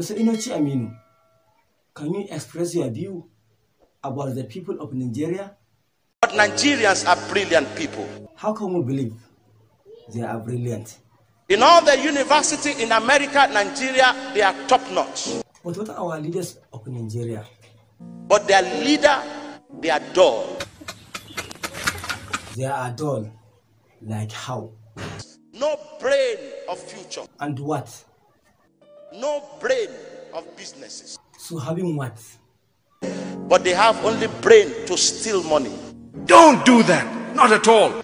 Mr. Inochi Aminu, can you express your view about the people of Nigeria? But Nigerians are brilliant people. How can we believe they are brilliant? In all the university in America, Nigeria, they are top notch. But what are our leaders of Nigeria? But their leader, they are dull. They are dull. Like how? No brain of future. And what? no brain of businesses. So having what? But they have only brain to steal money. Don't do that. Not at all.